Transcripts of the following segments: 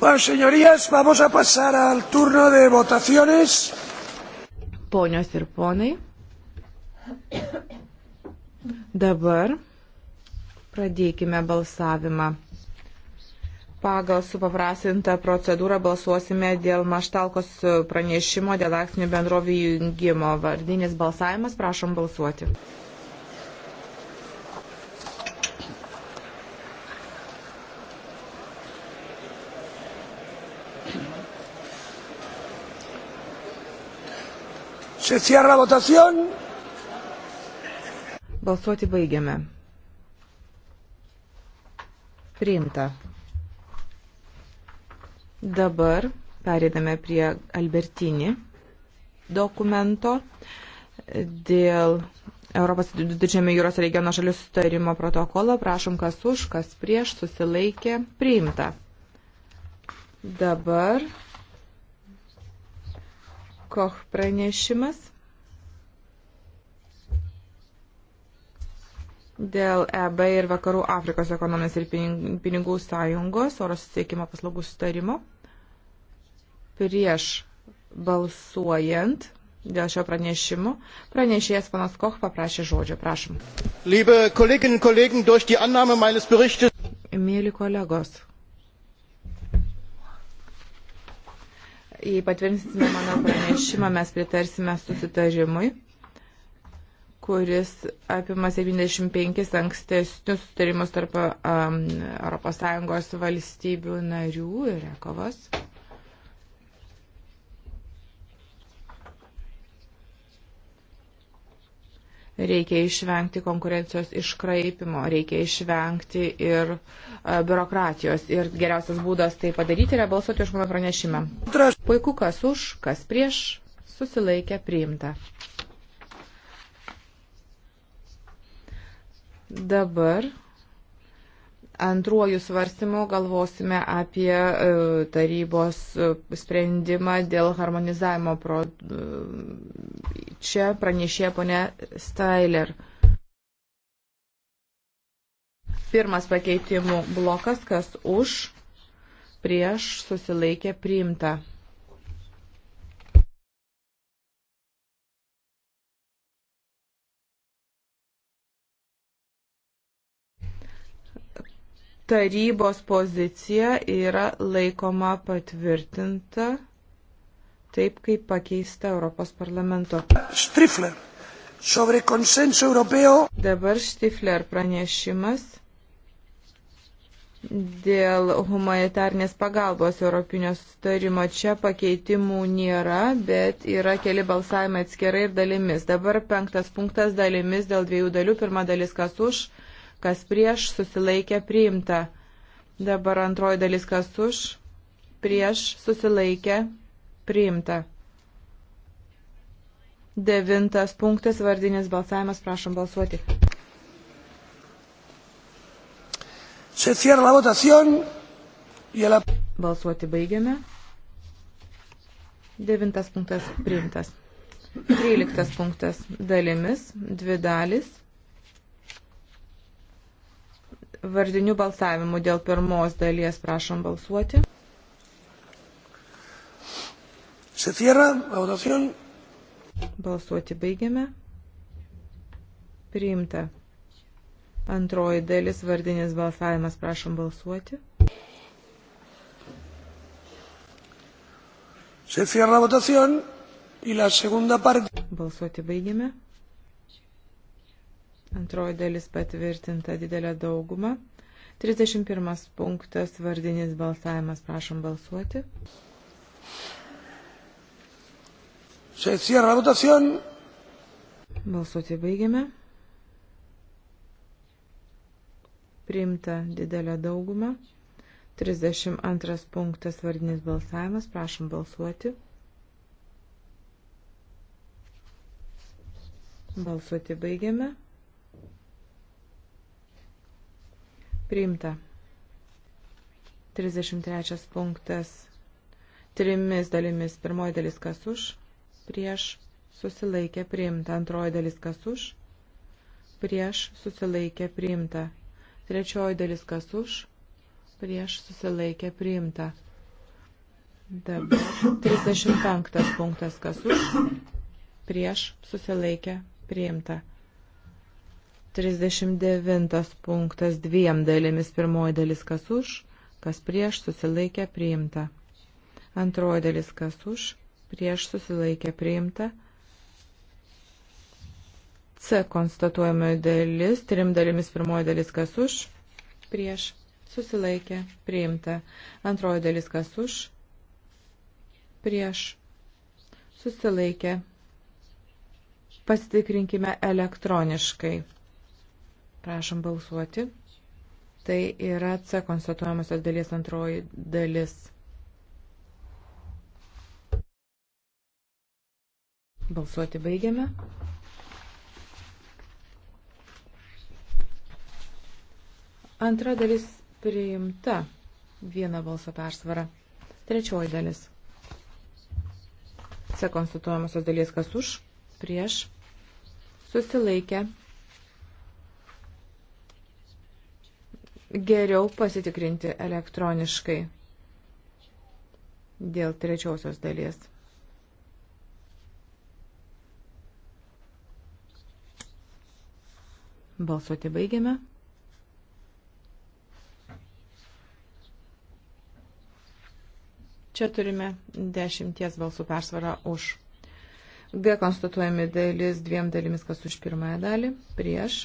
Bueno, señorías, vamos a pasar al turno de votaciones. Ponios ir ponai, dabar pradėkime balsavimą. Pagal supaprastintą procedūrą balsuosime dėl maštalkos pranešimo dėl akcinių bendrovį jungimo. Vardinis balsavimas, prašom balsuoti. Se cierra votación. Balsuoti baigiame. Priimta. Dabar perėdame prie Albertini dokumento dėl Europos didžiame jūros regiono šalių sutarimo protokolo. Prašom, kas už, kas prieš, susilaikė, priimta. Dabar Koch pranešimas dėl EB ir Vakarų Afrikos ekonomės ir pinigų sąjungos oro susiekimo paslaugų sutarimo. Prieš balsuojant dėl šio pranešimo. Pranešėjas panas Koch paprašė žodžio. Prašom. Liebe Kolleginnen und Kollegen, durch die Annahme meines Berichtes. Mėly kolegos, Jei patvirtinsime mano pranešimą, mes pritarsime susitarimui, kuris apima 75 ankstesnius sutarimus tarp um, ES valstybių narių ir ekovos. Reikia išvengti konkurencijos iškraipimo, reikia išvengti ir e, biurokratijos. Ir geriausias būdas tai padaryti yra balsuoti už mano pranešimą. Puiku, kas už, kas prieš, susilaikė priimta. Dabar antruoju svarstymu galvosime apie e, tarybos e, sprendimą dėl harmonizavimo pro, čia pranešė ponė Steiler. Pirmas pakeitimų blokas, kas už, prieš susilaikė priimta. Tarybos pozicija yra laikoma patvirtinta taip kaip pakeista Europos parlamento. Štrifler. Sobre consenso europeo. Dabar Štifler pranešimas dėl humanitarnės pagalbos Europinio sutarimo. Čia pakeitimų nėra, bet yra keli balsavimai atskirai ir dalimis. Dabar penktas punktas dalimis dėl dviejų dalių. Pirma dalis kas už, kas prieš, susilaikė priimta. Dabar antroji dalis kas už, prieš, susilaikė priimta. Devintas punktas, vardinis balsavimas, prašom balsuoti. Se cierra la votación y el... Balsuoti baigiame. Devintas punktas priimtas. Tryliktas punktas dalimis, dvi dalis. Vardinių balsavimų dėl pirmos dalies prašom balsuoti. Se cierra la votación. Balsuoti baigiame. Priimta. Antroji dalis vardinis balsavimas. Prašom balsuoti. Se cierra la votación y la segunda parte. Balsuoti baigiame. Antroji dalis patvirtinta didelę daugumą. 31 punktas vardinis balsavimas. Prašom balsuoti. Se cierra la votación. Balsuoti baigiame. Priimta didelė dauguma. 32 punktas vardinis balsavimas. Prašom balsuoti. Balsuoti baigiame. Priimta. 33 punktas. Trimis dalimis. Pirmoji dalis kas už prieš susilaikė priimta. Antroji dalis kas už, prieš susilaikė priimta. Trečioji dalis kas už, prieš susilaikė priimta. Dabar 35 punktas kas už, prieš susilaikė priimta. 39 punktas dviem dalimis pirmoji dalis kas už, kas prieš susilaikė priimta. Antroji dalis kas už, prieš susilaikę priimta. C konstatuojamoji dalis, trim dalimis pirmoji dalis kas už, prieš susilaikę priimta. Antroji dalis kas už, prieš susilaikę. Pasitikrinkime elektroniškai. Prašom balsuoti. Tai yra C konstatuojamosios dalies antroji dalis. Balsuoti baigiame. Antra dalis priimta vieną balsą persvarą. Trečioji dalis. C konstituojamosios dalies kas už, prieš, susilaikę. Geriau pasitikrinti elektroniškai dėl trečiosios dalies. Balsuoti baigiame. Čia turime dešimties balsų persvarą už. G konstatuojami dalis dviem dalimis, kas už pirmąją dalį, prieš,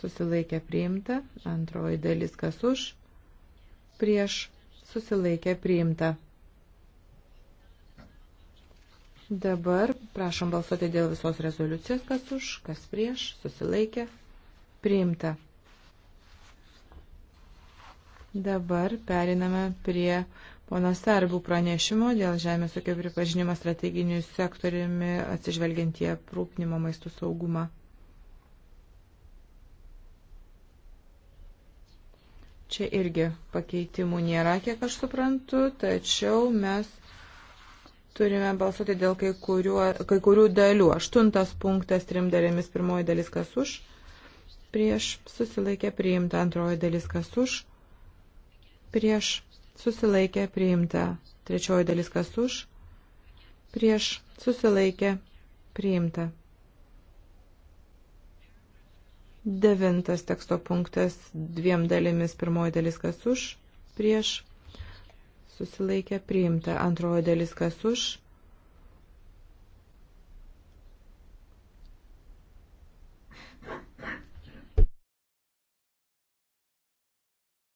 susilaikė priimta, antroji dalis, kas už, prieš, susilaikė priimta. Dabar prašom balsuoti dėl visos rezoliucijos, kas už, kas prieš, susilaikė, priimta. Dabar periname prie pono Sarbų pranešimo dėl žemės ūkio pripažinimo strateginių sektoriumi atsižvelgiant į aprūpnimo maistų saugumą. Čia irgi pakeitimų nėra, kiek aš suprantu, tačiau mes turime balsuoti dėl kai kurių, kai kurių dalių. Aštuntas punktas trim dalimis, pirmoji dalis kas už, prieš susilaikė priimta antroji dalis kas už, prieš susilaikė priimta trečioji dalis kas už, prieš susilaikė priimta. Devintas teksto punktas dviem dalimis pirmoji dalis kas už, prieš susilaikė priimta antroji dalis kas už,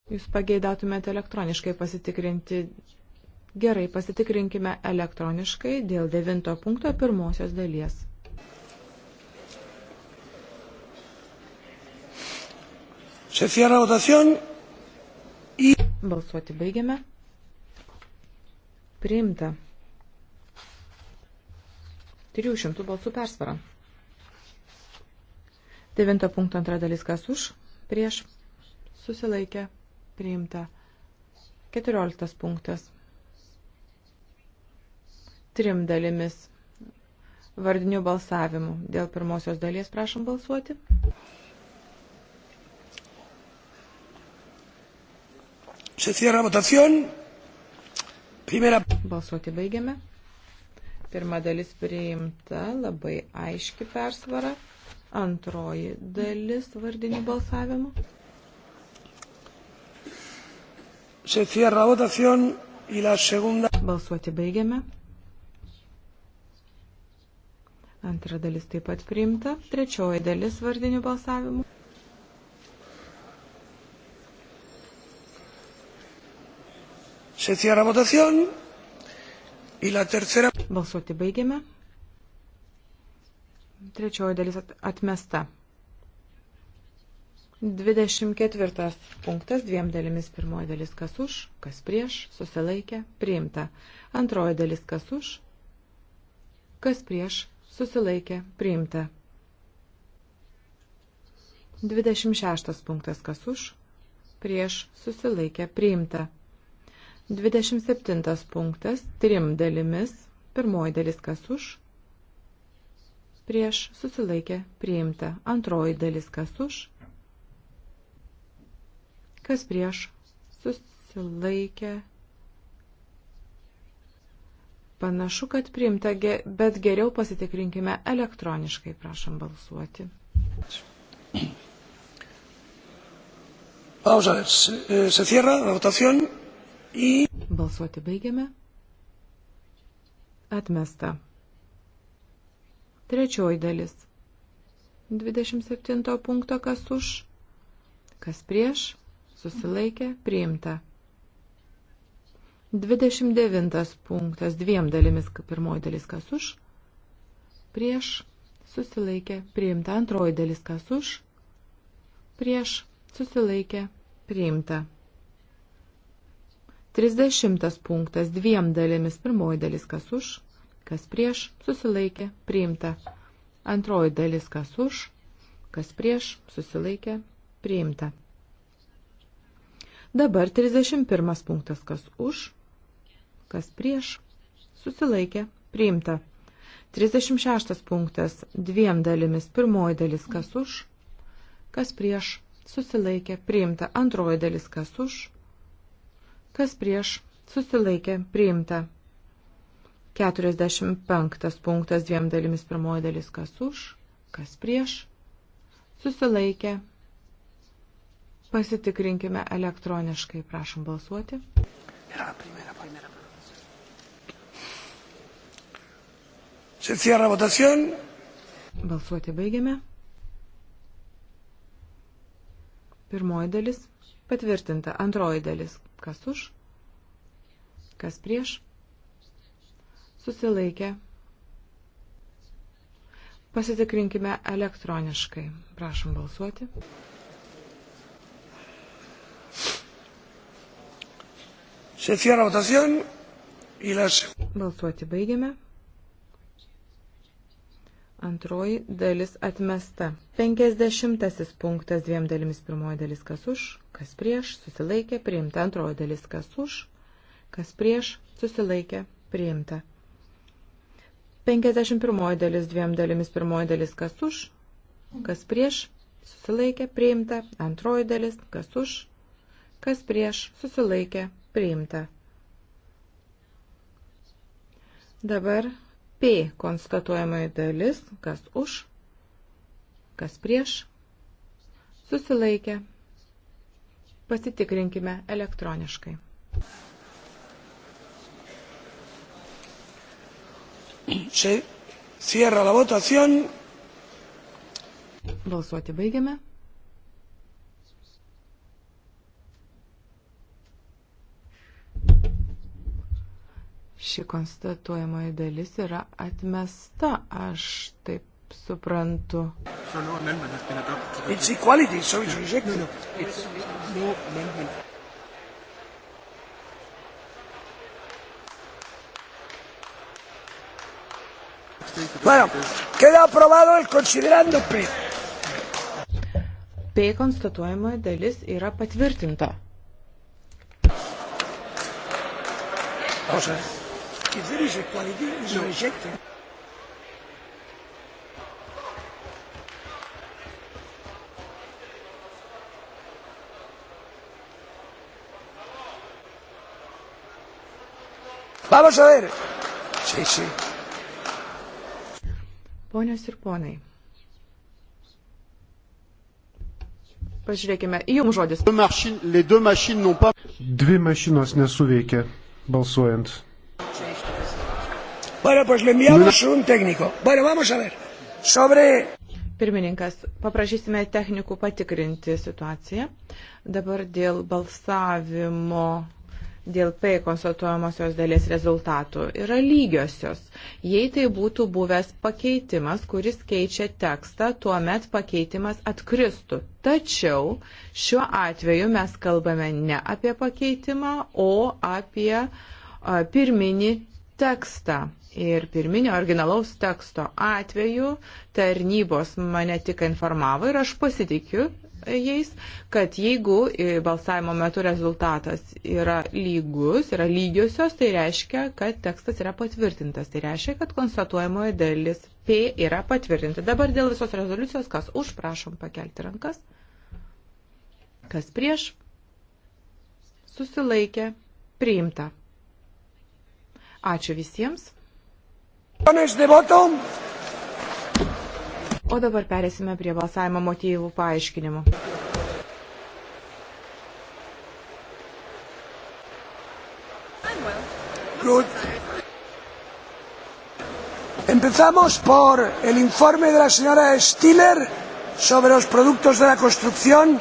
Jūs pageidautumėte elektroniškai pasitikrinti. Gerai, pasitikrinkime elektroniškai dėl devinto punkto pirmosios dalies. Se cierra votación y... Balsuoti baigiame. Priimta. 300 balsų persvara. Devinto punkto antra dalis kas už, prieš, susilaikė, priimta. 14 punktas. Trim dalimis. Vardinių balsavimų. Dėl pirmosios dalies prašom balsuoti. Se cierra votación. Primera. Balsuoti baigiame. Pirma dalis priimta, labai aiški persvara. Antroji dalis vardinių balsavimų. Balsuoti baigiame. Antra dalis taip pat priimta. Trečioji dalis vardinių balsavimų. Se cierra votación. Y la tercera. Balsuoti baigiame. Trečioji dalis atmesta. 24 punktas dviem dalimis. Pirmoji dalis kas už, kas prieš, susilaikė, priimta. Antroji dalis kas už, kas prieš, susilaikė, priimta. 26 punktas kas už, prieš, susilaikė, priimta. 27 punktas trim dalimis. Pirmoji dalis kas už, prieš, susilaikė, priimta. Antroji dalis kas už, Kas prieš? Susilaikė. Panašu, kad priimta, bet geriau pasitikrinkime elektroniškai, prašom balsuoti. Vamos a ver, se, eh, se cierra la votación y... Balsuoti baigiame. Atmesta. Trečioji dalis. 27 punkto kas už, kas prieš, susilaikė, priimta. 29 punktas dviem dalimis, pirmoji dalis kas už, prieš, susilaikė, priimta, antroji dalis kas už, prieš, susilaikė, priimta. 30 punktas dviem dalimis, pirmoji dalis kas už, kas prieš, susilaikė, priimta. Antroji dalis kas už, kas prieš, susilaikė, priimta. Dabar 31 punktas, kas už, kas prieš, susilaikė, priimta. 36 punktas, dviem dalimis, pirmoji dalis, kas už, kas prieš, susilaikė, priimta. Antroji dalis, kas už, kas prieš, susilaikė, priimta. 45 punktas, dviem dalimis, pirmoji dalis, kas už, kas prieš, susilaikė, priimta Pasitikrinkime elektroniškai, prašom balsuoti. Balsuoti baigiame. Pirmoji dalis patvirtinta, antroji dalis kas už, kas prieš, susilaikė. Pasitikrinkime elektroniškai, prašom balsuoti. Se cierra la votación y las. Balsuoti baigiame. Antroji dalis atmesta. 50 punktas dviem dalimis. Pirmoji dalis kas už, kas prieš, susilaikė, priimta. Antroji dalis kas už, kas prieš, susilaikė, priimta. 51 dalis dviem dalimis. Pirmoji dalis kas už, kas prieš, susilaikė, priimta. Antroji dalis kas už, kas prieš, susilaikė, priimta. Dabar P konstatuojamoji dalis, kas už, kas prieš, susilaikė. Pasitikrinkime elektroniškai. Se cierra la votación. Balsuoti baigiame. ši konstatuojamoji dalis yra atmesta, aš taip suprantu. It's equality, so it's rejected. No, no. It's no amendment. Bueno, queda aprobado el considerando P. P konstatuojamoji dalis yra patvirtinta. Vamos a ver qui dirige les qualités, ils non. rejettent. Vamos a ver. Sí, sí. Ponios ir ponai. Pažiūrėkime, jums žodis. Dvi mašinos nesuveikė balsuojant. Bueno, pues le enviamos un técnico. Bueno, vamos a ver. Sobre... Pirmininkas, paprašysime technikų patikrinti situaciją. Dabar dėl balsavimo, dėl P konstatuojamosios dalies rezultatų yra lygiosios. Jei tai būtų buvęs pakeitimas, kuris keičia tekstą, tuomet pakeitimas atkristų. Tačiau šiuo atveju mes kalbame ne apie pakeitimą, o apie uh, pirminį tekstą. Ir pirminio originalaus teksto atveju tarnybos mane tik informavo ir aš pasitikiu jais, kad jeigu e, balsavimo metu rezultatas yra lygus, yra lygiosios, tai reiškia, kad tekstas yra patvirtintas. Tai reiškia, kad konstatuojamoji dalis P yra patvirtinta. Dabar dėl visos rezoliucijos, kas už, prašom pakelti rankas. Kas prieš? Susilaikė. Priimta. Ačiū visiems. O dabar perėsime prie balsavimo motyvų paaiškinimų. Good. Empezamos por el informe de la señora Stiller sobre los productos de la construcción.